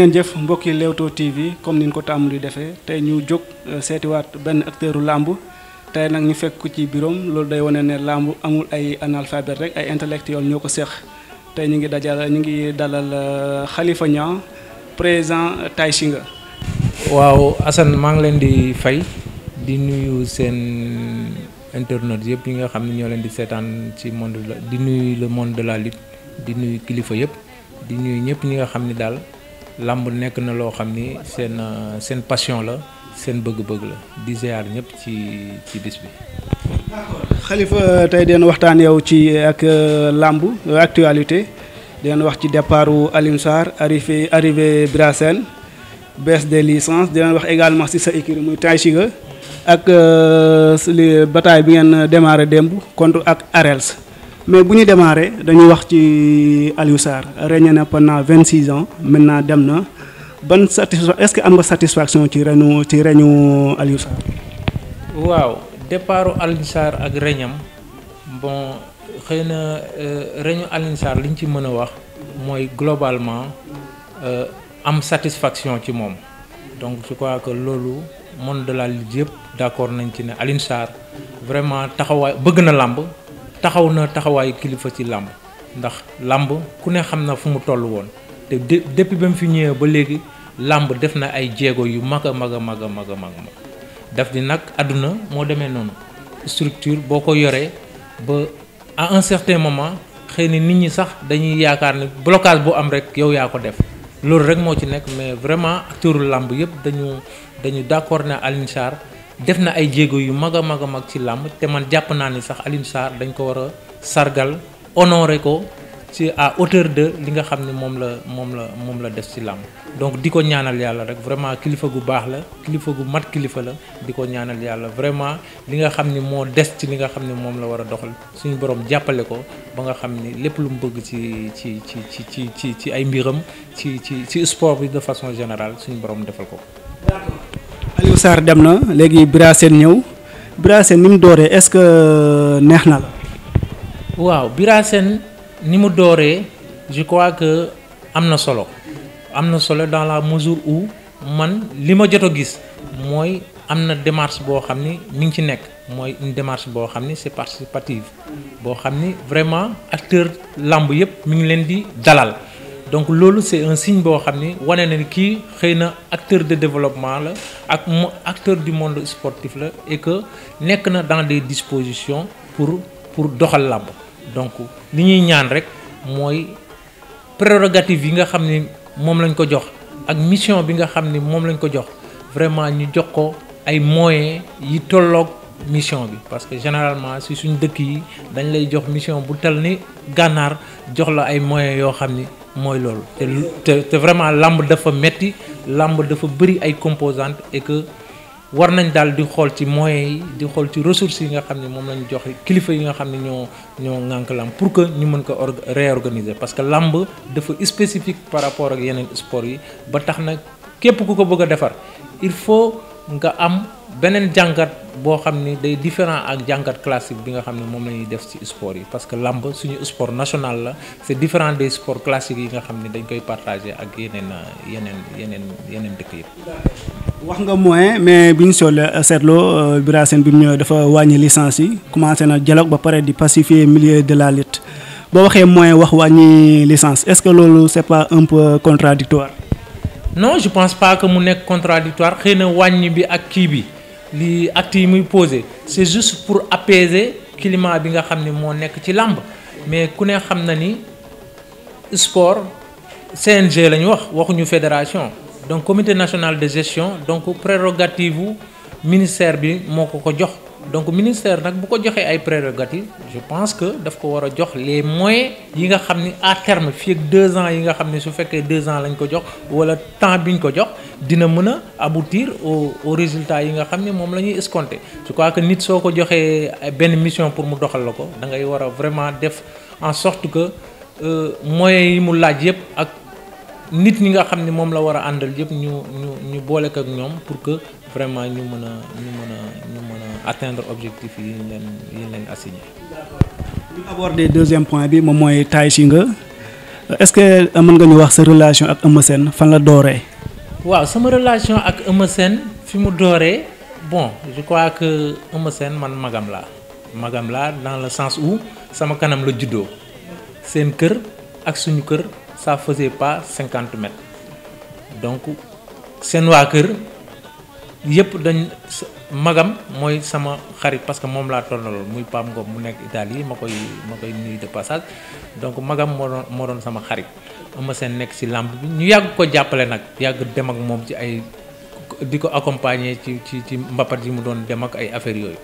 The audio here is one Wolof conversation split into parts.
ngeen jëf mbokki Leewtoo TV comme ni ñu ko tàmm di defee tey ñu jóg euh, seetiwaat benn acteuru làmb tey nag ñu fekk ko ci biroom loolu day wane ne làmb amul ay analphabète rek ay intellectuel ñoo ko seex tey ñu ngi dajal ñu ngi dalal xalifa euh, Niang présent Tay Shinga waaw Assane maa ngi leen di fay di nuyu seen internautes yëpp yi nga xam ne ñoo leen di seetaan ci monde di nuyu le monde de la lutte di nuyu kilifa yëpp di nuyu ñëpp ñi nga xam ne daal. làmb nekk na loo xam ni seen euh, seen passion la seen bëgg-bëgg la di ziar ñëpp ci ci bis bi. xalifa euh, tey den waxtaan yow ci euh, ak làmb actualité den wax ci départu Alioune Sarr arrivé arrivé Bira de baisse des licences wax également ci sa écurie muy Tay Shiga ak li bataille bi ngeen démarré démb contre ak Arels. mais bu ñu démarré dañuy wax ci Aliou Sarr régné na pendant vingt six ans maintenant dem na ban satisfa est-ce que am nga satisfaction ci renu ci reñu Aliou waaw départu Aliou Sarr ak reñam bon xëy na euh, reñu Aliou Sarr li ñu ci mën a wax mooy globalement euh, am satisfaction ci moom donc je crois que loolu monde de la lutte yëpp d'accord nañ ci ne Aliou Sarr vraiment bëgg na làmb. taxaw na taxawaayu kilifa ci làmb ndax làmb ku ne xam na fu mu toll woon te depuis ba mu fi ñëwee ba léegi làmb def na ay jéego yu mag a mag a mag a mag a mag daf di nag àdduna moo demee noonu structure boo ko yoree ba à un certain moment xëy na nit ñi sax dañuy yaakaar ne blocage bu am rek yow yaa ko def loolu rek moo ci nekk mais vraiment acteuru làmb yëpp dañu dañu d'accord ne Alioune Sarr def na ay jéego yu mag a mag a mag ci làmb te man jàpp naa ni sax Alioune dañ ko war a sargal honoré ko ci à hauteur de li nga xam ne moom la moom la moom la def ci làmb donc di ko ñaanal yàlla rek vraiment kilifa gu baax la kilifa gu mat kilifa la di ko ñaanal yàlla vraiment li nga xam ni moo des ci li nga xam ne moom la war a doxal suñu borom jàppale ko ba nga xam ni lépp lu mu bëgg ci ci ci ci ci ci ci ay mbiram ci ci ci sport bi de façon général suñ borom defal ko. Sarr dem na léegi Bira ñëw Bira Sène ni mu dooree est-ce que euh, neex na la. waaw Bira ni mu dooree je crois que am na solo am na solo dans la mesure où man li ma jot a gis mooy am na démarche boo xam ni mi ngi ci nekk mooy une démarche boo xam ni c'est participative boo xam ni vraiment acteur làmb yëpp mi ngi leen di dalal. donc loolu c'est un signe boo xam ni wane na ni kii xëy na acteur de développement la ak mo acteur du monde sportif la et que nekk na dans des disposition pour pour doxal làmb donc li ñuy ñaan rek mooy prérogative yi nga xam ni moom lañ ko jox ak mission bi nga xam ni moom lañ ko jox vraiment ñu jox ko ay moyens yi tolloog mission bi parce que généralement si suñ dëkk yi dañ lay jox mission bu tel ni gànnaar jox la ay moyens yoo xam ni mooy loolu te te vraiment làmb dafa metti làmb dafa bëri ay composantes et que war nañ daal di xool ci moyens yi di xool ci ressources yi nga xam ne moom la ñu joxe kilifa yi nga xam ne ñoo ñoo ŋànk làmb pour que ñu mën ko réorganiser parce que làmb dafa spécifique par rapport ak yeneen sport yi ba tax na képp ku ko bëgg a defar il faut nga am. beneen jàngat boo xam ni day différent ak jàngat classique bi nga xam ne moom la ñuy def ci sport yi parce que làmb suñu sport national la c'est différent des sports classiques yi nga xam ni dañ koy partagé ak yeneen yeneen yeneen yeneen dëkk yi wax nga moyen mais bi ñu sool euh, seetloo euh, Bira bi mu ñëwee dafa wàññi licence yi commencé na dialogue ba pare di pacifier milieu de la lutte boo waxee moyen wax wàññi licence est-ce que loolu c'est pas un peu contradictoire non je pense pas que mu nekk contradictoire xëy na wàññi bi ak kii bi. li acte yi muy posé c'est juste pour apaiser climat bi nga xam ni moo nekk ci làmb mais ku ne xam na ni sport CNG la ñu wax waxuñu fédération donc comité national de gestion donc prérogative wu ministère bi moo ko ko jox donc ministère nag bu ko joxee ay prérogatives je pense que daf ko war a jox les moyens yi nga xam ni à terme fii ak deux ans yi nga xam ni su fekkee deux ans lañ ko jox wala temps biñ ko jox dina mën a aboutir au au résultat yi nga xam ne moom la ñuy escompté je crois que nit soo ko joxee benn mission pour mu doxal la ko da ngay war a vraiment def en sorte que euh, moyens yi mu laaj yëpp ak nit ñi nga xam ni moom la war a àndal yëpp ñu ñu ñu boole ko ak ñoom pour que vraiment ñu mën a ñu mën a ñu mën a atteindre objectif yi ñu leen yi ñu leen assigné. moom mooy Tay Shinger est-ce que euh, mën nga ñu wax sa relation ak Eumeu Sène fan dooree. waaw sama relation ak Eumeu Sène fi mu dooree bon je crois que Eumeu Sène man magam laa magam laa dans la sens où sama kanam la juddoo seen kër ak suñu kër ça faisait pas cinquante mètres donc seen waa kër yëpp dañ magam mooy sama xarit parce que moom laa toll lool muy Pape Ngom mu nekk Italie ma koy ma koy nuyu de passage donc magam moo doon moo doon sama xarit ama seen nekk si làmb bi ñu yàgg ko jàppale nag yàgg dem ak moom ci ay di ko accompagner ci ci ci mbapat yi mu doon dem ak ay affaires yooyu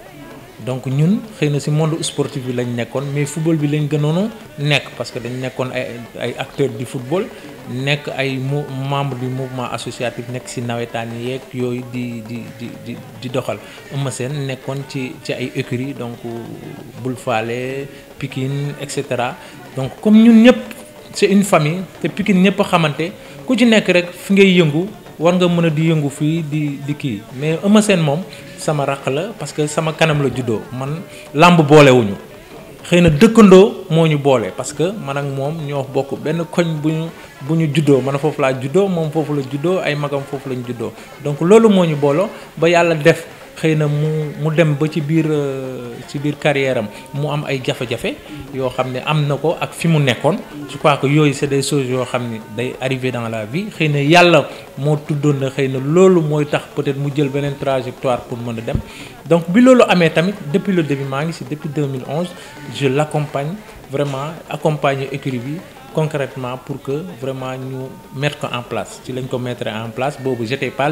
donc ñun xëy na si monde sportif bi lañ nekkoon mais football bi lañ gënoonu nekk parce que dañ nekkoon ay acteur di du football nekk ay mo membre du mouvement associatif nekk si nawetaan yeeg yooyu di di di di di doxal Eumeu Sène nekkoon ci ci ay écuries donc bul Falé Pikine et cetera donc comme ñun ñëpp c'est une famille te Pikine ñëpp a xamante ku ci nekk rek fi ngay yëngu. war nga mën a di yëngu fii di di kii mais Eumeu seen moom sama raq la parce que sama kanam la juddoo man làmb boolewuñu xëy na dëkkandoo moo ñu boole parce que man ak moom ñoo bokk benn koñ bu ñu bu ñu juddoo man foofu laa juddoo moom foofu la juddoo ay magam foofu lañ juddoo donc loolu moo ñu booloo ba yàlla def. xëy na mu mu dem ba ci biir euh, ci biir carrière mu am ay jafe-jafe yoo xam ne am na ko ak fi mu nekkoon je crois que yooyu c'est des choses yoo xam ne day arriver dans la vie xëy na yàlla moo tuddoon na xëy na loolu mooy tax peut-être mu jël beneen trajectoire pour mën a dem donc bi loolu amee tamit depuis le début maa ngi si depuis 2011 je l'accompagne vraiment accompagner écurie bi concrètement pour que vraiment ñu mettre ko en place ci lañ ko mettre en place boobu j'étais pas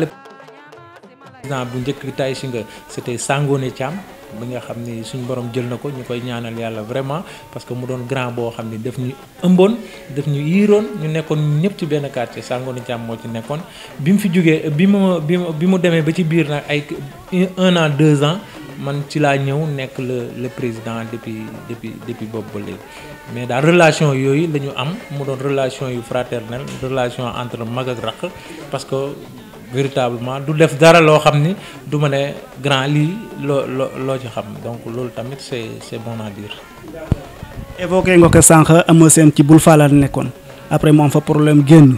président bu njëkk tay si nga c'était Sangoné Thiam bi nga xam ni suñ boroom jël na ko ñu koy ñaanal yàlla vraiment parce que mu doon grand boo xam ni daf ñu ëmboon daf ñu yiiroon ñu nekkoon ñëpp ci benn quartier Sangoné Thiam moo ci nekkoon bi mu fi jógee bi mu bi mu bi mu demee ba ci biir nag ay un an deux ans man ci laa ñëw nekk le le président depuis depuis depuis boobu ba léegi mais daal relation yooyu la ñu am mu doon relation yu fraternelle relation entre mag ak rakk parce véritablement du def dara loo xam ni du ma ne grand lii loo loo ci xam donc loolu tamit c'est c'est bon à dire. évoqué nga ko sànq Eumeu Sène ci bul faala nekkoon après moom fa problème génn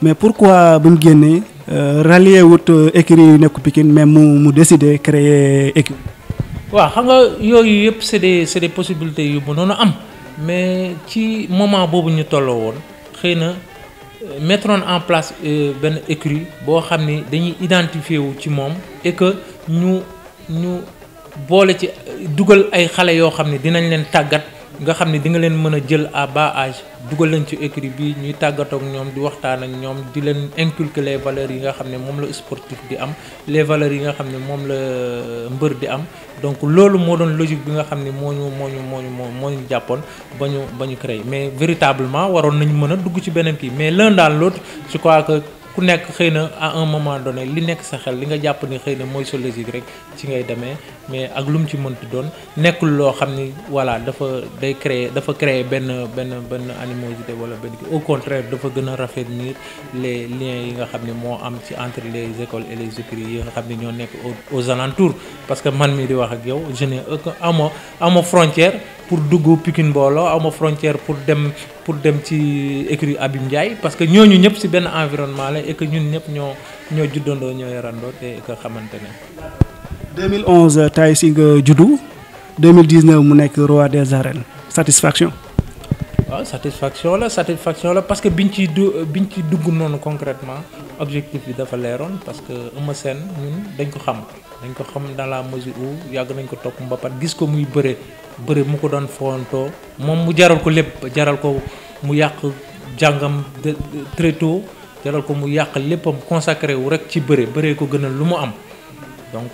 mais pourquoi bu mu génnee euh, rallier wut euh, écurie yu nekku Pikine mais mu mu décidé créer écurie. waaw xam nga yooyu yëpp c'est des c'est des possibilités yu mënoon a am mais ci moment boobu ñu tolloo woon xëy na. mettroon en place euh, benn écurie boo xam ni dañuy identifier wu ci moom et que ñu ñu boole ci dugal ay xale yoo xam ne dinañ leen tàggat nga xam ne di nga leen mën a jël à bas dugal leen ci écurie bi ñuy tàggatook ñoom di waxtaan ak ñoom di leen inculquer les valeurs yi nga xam ne moom la sportif di am les valeurs yi nga xam ne moom la euh, mbër di am donc loolu moo doon logique bi nga xam ni moo ñu moo ñu moo ñu moo ñu jàppoon ba ñu ba ñu créé mais véritablement waroon nañu mën a dugg ci beneen kii mais l'un dans l'autre je crois que ku nekk xëy na à un moment donné li nekk sa xel li nga jàpp ni xëy na mooy sa logique rek ci ngay demee mais ak lu mu ci mënti doon nekkul loo xam ni voilà dafa day créer dafa créer benn benn benn animosité wala benn kii au contraire dafa gën a rafet raffermir les liens yi nga xam ne moo am ci entre les écoles et les écuries yi nga xam ne ñoo nekk aux alentours parce que man mii di wax ak yow je n'ai aucun ama ama frontière pour dugg Pikine booloo awma frontière pour dem pour dem ci écurie Abim Ndiaye parce que ñooñu ñëpp si benn environnement la et que ñun ñëpp ñoo ñoo juddandoo ñoo yarandoo te que xamante ne. 2011 Taye si nga juddu 2019 mu nekk roi des arènes satisfaction. waaw ah, satisfaction la satisfaction la parce que bi biñ ci du biñ ci dugg noonu concrètement objectif bi dafa leeroon parce que Eumeu Sène ñun dañ ko xam dañ ko xam dans la mesure où yàgg nañ ko topp mbapat gis ko muy bëre bëre mu ko doon fontoo moom mu jaral ko lépp jaral ko mu yàq jàngam de très tôt jaral ko mu yàq léppam consacré wu rek ci bëre bëree ko gënal lu mu am donc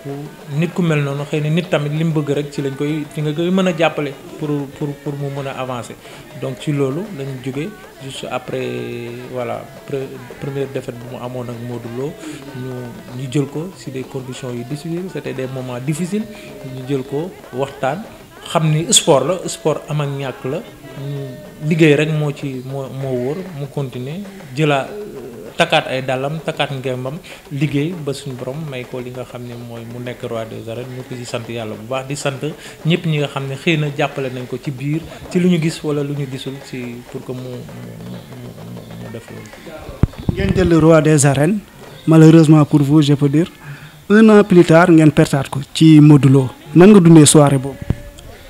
nit ku mel noonu xëy na nit tamit li mu bëgg rek ci lañ koy ci nga koy mën a jàppale pour pour pour mu mën a avancer donc ci loolu lañ jógee juste après voilà première défaite bu mu amoon ak moo Lo ñu ñu jël ko ci des conditions yu difficiles c'était des moments difficiles ñu jël ko waxtaan xam ni sport la sport am ak ñàkk la ñu liggéey rek moo ci moo moo mu continuer jëlaa takkaat ay dàllam takkaat ngembam liggéey ba suñu borom may ko li nga xam ne mooy mu nekk roi des arènes ñu ko ci sant yàlla bu baax di sant ñëpp ñi nga xam ne xëy na jàppale nañ ko ci biir ci lu ñu gis wala lu ñu gisul ci pour que mu mu def loolu. ngeen jël roi des arènes malheureusement pour vous je peux dire un an plus ngeen pertaat ko ci Modou Lo nan nga dundee soirée boobu.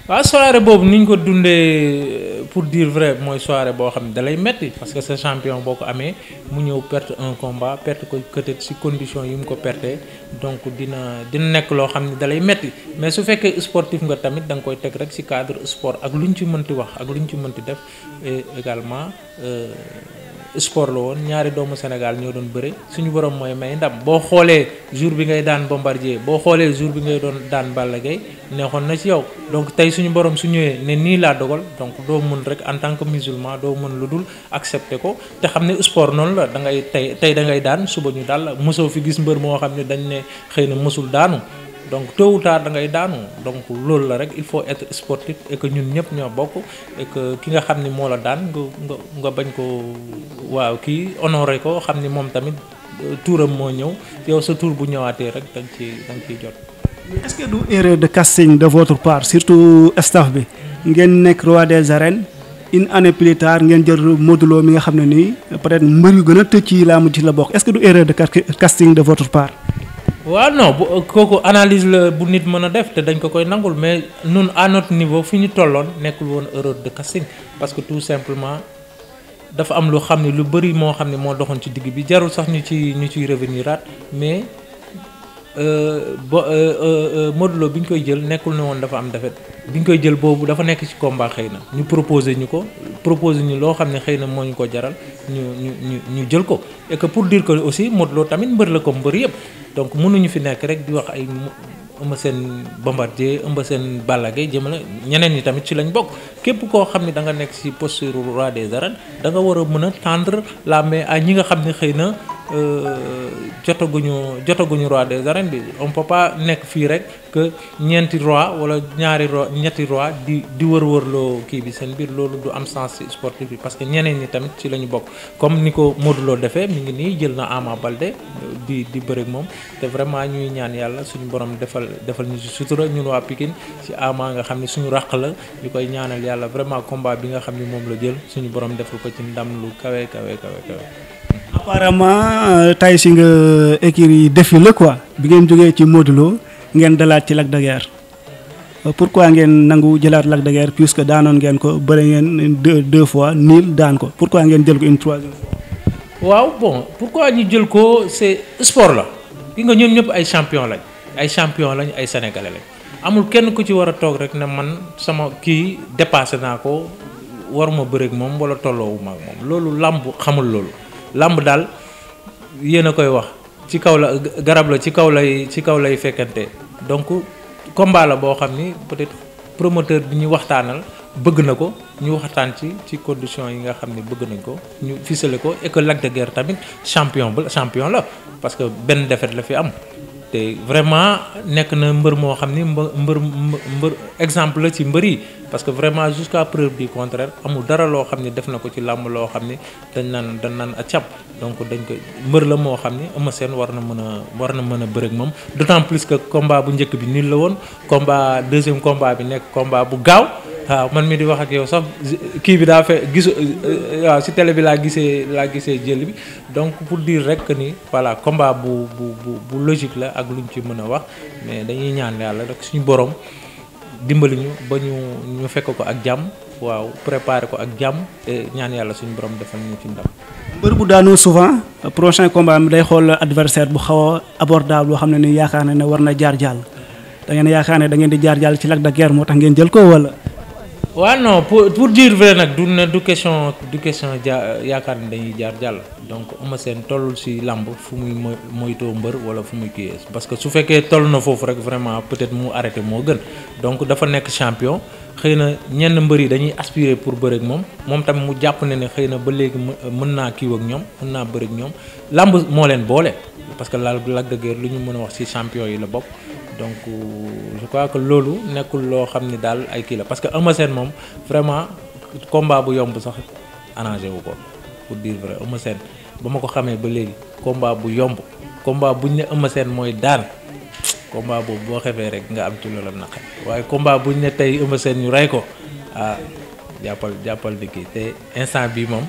waaw soirée boobu ni ñu ko dundee euh, pour dire vrai mooy soirée boo xam ne dalay metti parce que sa champion boo ko amee mu ñëw perte un combat perte ko peut-être si condition yi mu ko perte donc dina dina nekk loo xam ne dalay metti mais su fekkee sportif nga tamit danga koy teg rek si cadre sport ak lu ñu ci mënti wax ak lu ñu ci mënti def et également. Euh, sport la woon ñaari doomu Sénégal ñoo doon bëre suñu borom mooy may ndam boo xoolee jour bi ngay daan Bombardier boo xoolee jour bi ngay doon daan Balla Gaye neexoon na ci yow donc tey suñu borom su ñëwee ne nii laa dogal donc doo mën rek en tant que musulman doo mën lu dul accepter ko te xam ne sport noonu la da ngay tey tey da ngay daan suba ñu daal mosoo fi gis mbër moo xam ne dañ ne xëy na mosul daanu. donc tôt ou tard da ngay daanu donc loolu la rek il faut être sportif et ñun ñëpp ñoo bokk et ki nga xam ni moo la daan nga nga nga bañ ko waaw ki honoré ko xam ni moom tamit euh, tuuram moo ñëw yow sa tuur bu ñëwaatee rek dañ ci dañ ciy jot. est-ce que du erreur de casting de votre part surtout staff bi ngeen nekk roi des arènes une année plus tard ngeen jël Modou mi nga xam ne ni peut-être mbër yu gën a tëj ci làmb ci la bokk est que du erreur de casting de waaw non bu kooku analyse la bu nit mën a def te dañ ko koy nangul mais nun à notre niveau fi ñu tolloon nekkul woon erreur de casting parce que tout simplement dafa am lu xam ne lu bëri moo xam ne moo doxoon ci digg bi jarul sax ñu ci ñu ciy revenir aat mais. Euh, ba euh, euh, Modou Lo bi ñu koy jël nekkul ne woon dafa am defet bi ñu koy jël boobu dafa nekk ci combat xëy na ñu proposé ñu ko proposé ñu loo xam ne xëy na moo ñu ko jaral ñu ñu ñu ñu jël ko et que pour diir ko aussi Modou Lo tamit mbër la ko mbër yëpp donc mënuñu fi nekk rek di wax ay ëmba seen bombardier ëmba seen ballage jëmale ñeneen ñi tamit ci lañ bokk képp koo xam ne da nga nekk ci posture roi des arènes danga nga war a mën a tendre la main ñi nga xam ne xëy na Euh, jotaguñu jotaguñu roi des arènes bi on peut nekk fii rek que ñeenti roi wala ñaari roi ñetti roi di di wër-wërloo kii bi seen biir loolu du am sens ci sportif bi parce que ñeneen ñi tamit ci lañu ñu bokk comme ni ko Modou defee mu ngi nii jël na Ama balde euh, di di bëri moom te vraiment ñuy ñaan yàlla suñu borom defal defal ñu ci sutura ñun waa Pikine ci Ama nga xam ne suñu raq la ñu koy ñaanal yàlla vraiment combat bi nga xam ne moom la jël suñu borom defal ko ci ndam lu kawe kawe kawe kawe apparemment euh, tay si nga écurie Défi la koi bi ngeen jógee ci Modou ngeen dalaat ci Lac de pour euh, pourquoi ngeen nangu jëlaat Lac de Guiers puisque daanoon ngeen ko bëri ngeen deux deux fois niil daan ko pour pourquoi ngeen jël ko une troisième waaw bon pourquoi ñu jël ko c'est sport la ki nga ñoom ñëpp ay champion lañ ay champion lañ ay sénégalais lañ amul kenn ku ci war a toog rek ne man sama kii dépassé naa ko waruma bëreeg moom wala tolloowuma ak moom loolu làmb xamul loolu làmb daal yéen a koy wax ci kaw la garab la ci kaw lay ci kaw lay fekkante donc combat la boo xam ni peut-être promoteur bi ñu waxtaanal bëgg na ko ñu waxtaan ci ci condition yi nga xam ni bëgg nañ ko ñu ficelé ko et que Lac de tamit champion ba champion la parce que benn defet la fi am te vraiment nekk na mbër moo xam ni mbër mbër exemple la ci mbër yi parce que vraiment jusqu'à preuve du contraire amul dara loo xam ne def na ko ci làmb loo xam ne dañ naan dañ naan a càpp donc dañ ko mbër la moo xam ne Eumeu seen war na mën a war na mën a bëreeg moom d'autant plus que combat bu njëkk bi nii la woon combat deuxième combat bi nekk combat bu gaaw waaw man mi di wax ak yow sax kii bi daa fe gisu waaw si télé bi laa gisee laa gisee jël bi donc pour diir rek ni voilà combat bu bu bu logique la ak lu ñu ci mën a wax mais dañuy ñaan yàlla rek suñu borom. dimbali ñu ba ñu ñu fekk ko ak jàmm waaw préparer ko ak jàmm et ñaan yàlla suñu borom defal ñu ci ndam. mbër bu daanoo souvent prochain combat mi day xool adversaire bu xaw a abordable xam ne ni yaakaar na ne war na jaar jàll da ngeen yaakaar ne da ngeen di jaar jàll ci Lac de Guiers moo tax ngeen jël ko wala. waa non pour pour diir vrai nag du ne du question du question ja yaakaar ni dañuy jaar jàll donc Eumeu seen toll ci làmb fu muy moy moytoo mbër wala fu muy kii parce que su fekkee toll na foofu rek vraiment peut-être mu arrêté moo gën donc dafa nekk champion xëy na ñenn mbër yi dañuy aspirer pour bëre moom moom tamit mu jàpp na ne xëy na ba léegi mën naa kiiw ak ñoom mën naa bëre ñoom làmb moo leen boole parce que laal Lac de Guiers lu ñu mën a wax ci champion yi la bokk. donc euh, je crois que loolu nekkul loo xam ni daal ay kii la parce que Eumeu Sène moom vraiment combat bu yomb sax arrangé wu ko pour dire vrai Eumeu Sène ba ma ko xamee ba léegi combat bu yomb combat buñ ne Eumeu Sène mooy daan combat boobu boo xefee rek nga am ci loola naqar waaye combat buñ ne tey Eumeu Sène ñu rey ko ah jàppal jàppal di kii te instant bii moom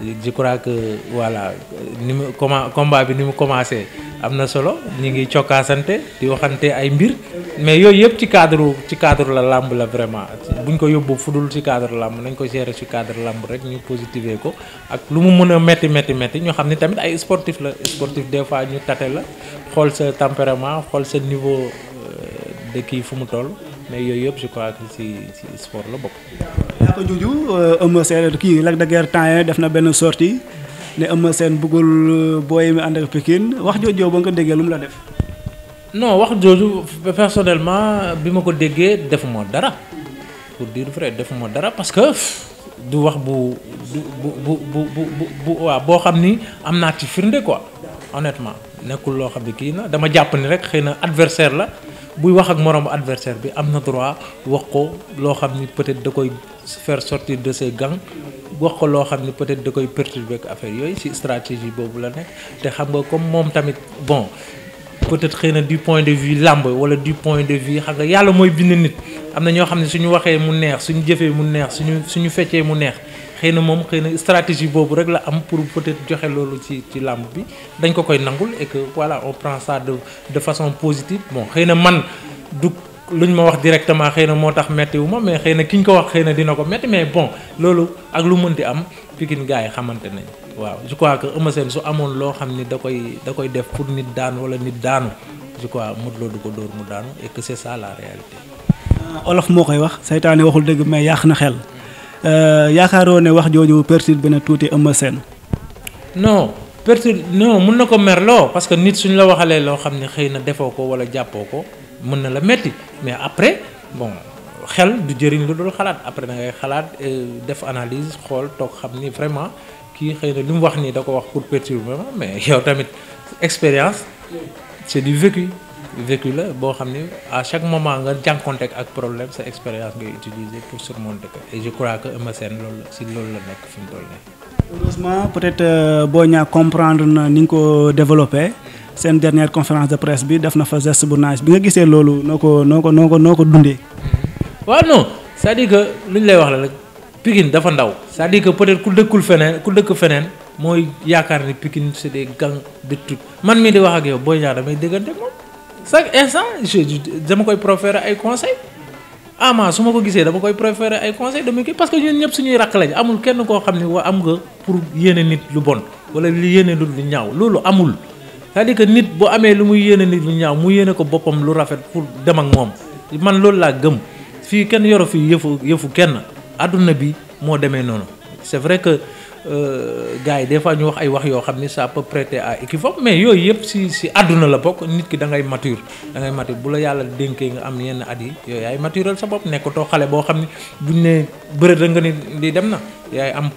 je crois que voilà ni mu comment combat bi ni mu commencé am na solo ñu ngi cokkaasante di waxante ay mbir mais yooyu yëpp ci cadre ci cadre la làmb la vraiment buñ ko yóbbu fu dul ci cadre làmb nañ ko gérer ci cadre làmb rek ñu positiver ko ak lu mu mën a métti métti métti xam ne tamit ay sportif la sportif des fois ñu tate la xool sa tempérament xool sa niveau euh, de kii fu mu toll mais yooyu yëpp je crois que ci ci sport la bokk. ko juju euh, Eumeu Sène kii Lac de Guiers temps def na benn sortie ne Eumeu Sène bëggul euh, booy mi ànd ak Pikine wax jooju ba nga ko déggee lu mu la def. non wax jooju personnellement bi ma ko déggee defuma dara pour dire vrai defuma dara parce que du wax bu du bu bu bu bu bu waaw boo xam ni am naa ci firnde ko honnêtement nekkul loo xam ne kii na dama jàpp ni rek xëy na adversaire la. buy wax ak moromu adversaire bi am na droit wax ko loo xam ni peut-être da koy faire sortir de ses gants wax ko loo xam ni peut-être da koy perturber ak affaire yooyu ci stratégie boobu la nekk te xam nga comme moom tamit bon peut-être xëy na du point de vue làmb wala du point de vue xam nga yàlla mooy bind nit am na ñoo xam ne suñu waxee mu neex suñu jëfee mu neex suñu suñu feccee mu neex. xëy na moom xëy na stratégie boobu rek la am pour peut-être joxe loolu ci ci làmb bi dañ ko koy nangul et que voilà on prend ça de façon positive bon xëy na man lu luñ ma wax directement xëy na moo tax metti wu mais xëy na ki ñu ko wax xëy na dina ko metti mais bon loolu ak lu mënti am Pikine gars yi xamante nañ waaw je crois que Eumeu su amoon loo xam ni da koy da koy def pour nit daanu wala nit daanu je crois Modou du ko dóor mu daanu et que c'est ça la moo koy wax saytaane waxul dëgg mais yàq na xel. Euh, yaakaaroo ne wax jooju perturbé na tuuti Eumeu Sène. non perturbé non mun na ko merloo parce que nit suñ la waxalee loo xam ne xëy na defoo ko wala jàppoo ko mën na la metti mais après bon xel du jëriñ lu dul xalaat après da ngay xalaat euh, def analyse xool toog xam ni vraiment kii xëy na li mu wax nii da ko wax pour perturber mais yow tamit expérience c'est du vécu. vécu la boo xam ne à chaque moment nga jànkonteeg ak problème sa expérience ngay utiliser pour surmonter ko et je crois que Eumeu Sène loolu si loolu la nekk fi mu toll nii. heureusement peut euh, de def na fa geste bu naaj bi nga gisee loolu noo ko noo ko noo ko noo ko dundee. waaw non c'est-à-dire lay wax la rek Pikine dafa ndaw. c'est-à-dire que peut-être ku dëkkul feneen ku dëkk feneen. mooy yaakaar ni Pikine c'est des gangs de trucs man mii di wax ak yow boo ñaa damay déggante moom. chaque eh, instant je dama koy proférer ay conseil ama su ma ko gisee dama koy préféré ay conseil dama koy parce que ñun su suñuy raq lañ amul kenn koo xam ne wa am nga pour yéene nit lu bon wala li yéene lu lu ñaaw loolu amul cest que nit boo amee lu muy yéene nit lu ñaaw mu yéene ko boppam lu rafet pour dem ak moom man loolu laa gëm fii kenn yoro fii yëfu yëfu kenn àdduna bi moo demee noonu c'est vrai que Euh, gars yi des fois ñu wax ay wax yoo xam ni ça peut prêter a équivoque mais yooyu yëpp si si àdduna la bokk nit ki da ngay mature da ngay bu la yàlla dénkee nga am yenn at yi yooyu yaay matural sa bopp nekkatoo xale boo xam ni buñ ne bërët a nga ni lii dem na yaay am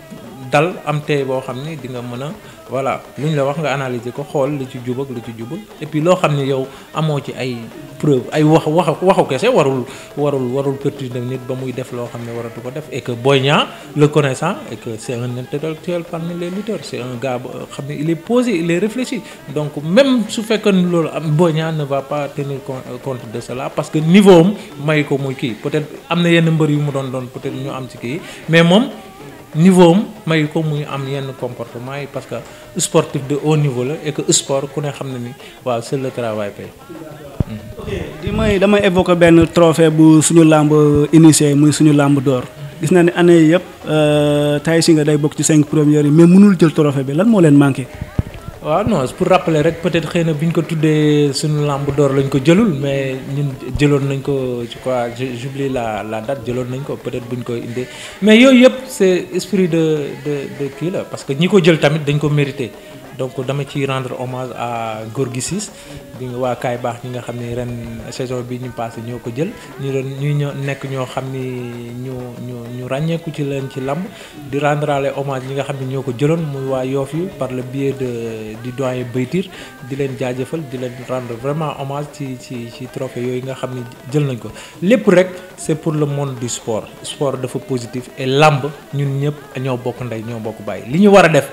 dal am tey boo xam ni dinga nga mën a voilà luñ la wax nga analyser ko xool li ci jub ak lu ci jubul et loo xam ni yow amoo ci ay preuve ay wax wax waxu kese warul warul warul de nit ba muy def loo xam ne waratu ko def et que Boy Niang le connaissant et que c' est un intellectuel parmi les lutteurs c' est un gars boo xam ne il est posé il est réfléchi donc même su fekkoon loolu am Boy Niang ne va pas tenir euh, compte de cela parce que niveau am may ko muy kii peut être am na yenn mbër yu mu doon doon peut être ñu am ci kii mais moom. niveau am may ko muy am yenn comportement yi parce que sportif de haut niveau la et que sport ku ne xam na ni waaw c'est le travail paye. ok li may damay évoquer benn trophée bu suñu làmb initier muy suñu làmb door gis naa ne année yëpp euh, Tay Shinger day bokk ci cinq premières yi mais mënul jël trophée bi lan moo leen manqué. waaw non pour rappeler rek peut-être xëy na bi ñu ko tuddee suñu lamb d'or lañ ko jëlul mais ñun jëloon nañ ko je crois j'oublie la la date jëloon nañ ko peut-être bu ñu ko indee mais yooyu yëpp c'est esprit de de de kii la parce que ñi ko jël tamit dañ ko mérité. donc dama ciy rendre hommage à Gorgui Ciss di nga waakaay kaay baax ñi nga xam ne ren saison bi ñu passé ñoo ko jël ñu doon ñu ñoo nekk ñoo xam ni ñu ñu ñu ràññeeku ci leen ci lamb di rendraale hommage ñi nga xam ne ñoo ko jëloon muy waa Yoff yi par le biais de di doyen Baytir di leen jaajëfal di leen rendre vraiment hommage ci ci ci trophée yooyu nga xam ni jël nañ ko lépp rek c'est pour le monde du sport sport dafa positif et lamb ñun ñëpp ñoo bokk ndey ñoo bokk bàyyi li a def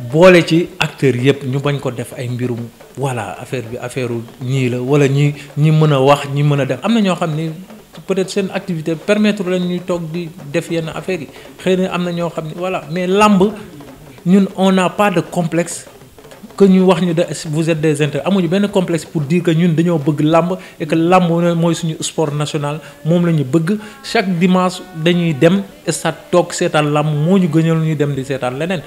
boole ci acteur yëpp ñu bañ ko def ay mbirum voilà affaire bi affaire ñii la wala ñi ñi mën a wax ñi mën a def am na ñoo xam ni peut-être seen activité permettre leen ñuy toog di def yenn affaires yi xëy na am na ñoo xam ni voilà mais làmb ñun on n'a pas de complexe que ñu wax ñu de vous des intérêts amuñu benn complexe pour dire que ñun dañoo bëgg làmb et làmb mooy suñu sport national moom la ñu bëgg chaque dimanche dañuy dem stade toog seetaan làmb moo ñu gënal ñuy dem di seetaan leneen.